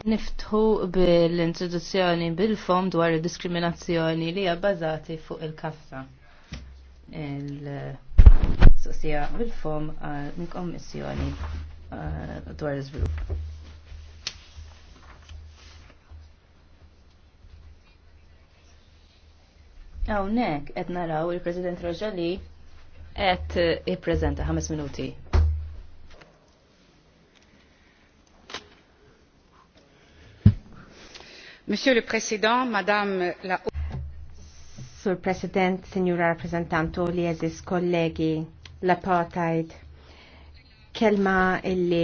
Niftħu bil-introduzzjoni bil-fom dwar il-diskriminazzjoni li hija bbażati fuq il-kassa. il sosija bil-fom eh, kommissjoni eh, dwar il żvilupp Hawnhekk qed naraw il-President et qed ippreżenta ħames minuti. Monsieur le Président, Madame la Sur President, Signora Rappresentanto, Liesis, eżis kollegi, l kelma illi